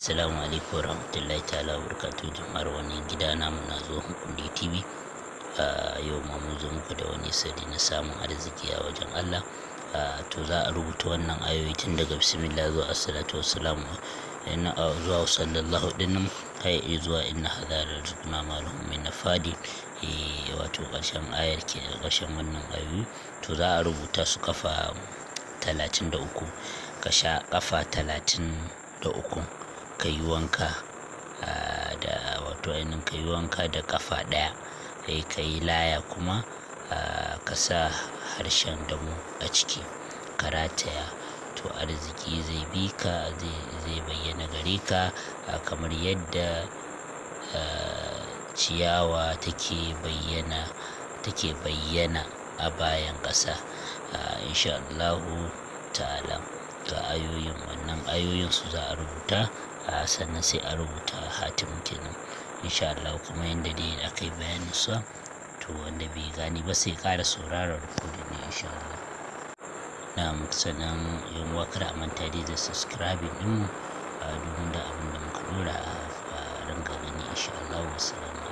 Salamu alaikum warahmatullahi ta'ala barkatu jama'ar wani gida namu na zo hukundi TV a yau ma mun zo muku da wani sadi na samun arziki a wajen Allah to za a rubuta wannan ayoyi tun daga bismillah zuwa assalatu wassalamu inna eh, zuwa sallallahu dinnan kai zuwa inna hadara rizquna malhum min nafadi eh, wato karshen ayar ke karshen wannan ayoyi to za a rubuta su kafa 33 ka sha kafa 33 ka yi wanka da wato ainihin ka wanka da ƙafa ɗaya sai ka laya kuma ka sa harshen mu a ciki ka rataya to arziki zai bi ka zai bayyana gare ka kamar yadda ciyawa take bayyana take bayyana a bayan ƙasa insha Allahu ta'ala ga ayoyin wannan ayoyin su za a rubuta sannan sai a rubuta hatim kenan insha Allah kuma yanda dai aka yi bayanin sa to wanda bai gani ba sai kare sauraron rikodin ne insha Allah na'am sannan yan wakar a manta dai da subscribing din mu domin da abin da muka dora a ringa gani insha Allah wassalamu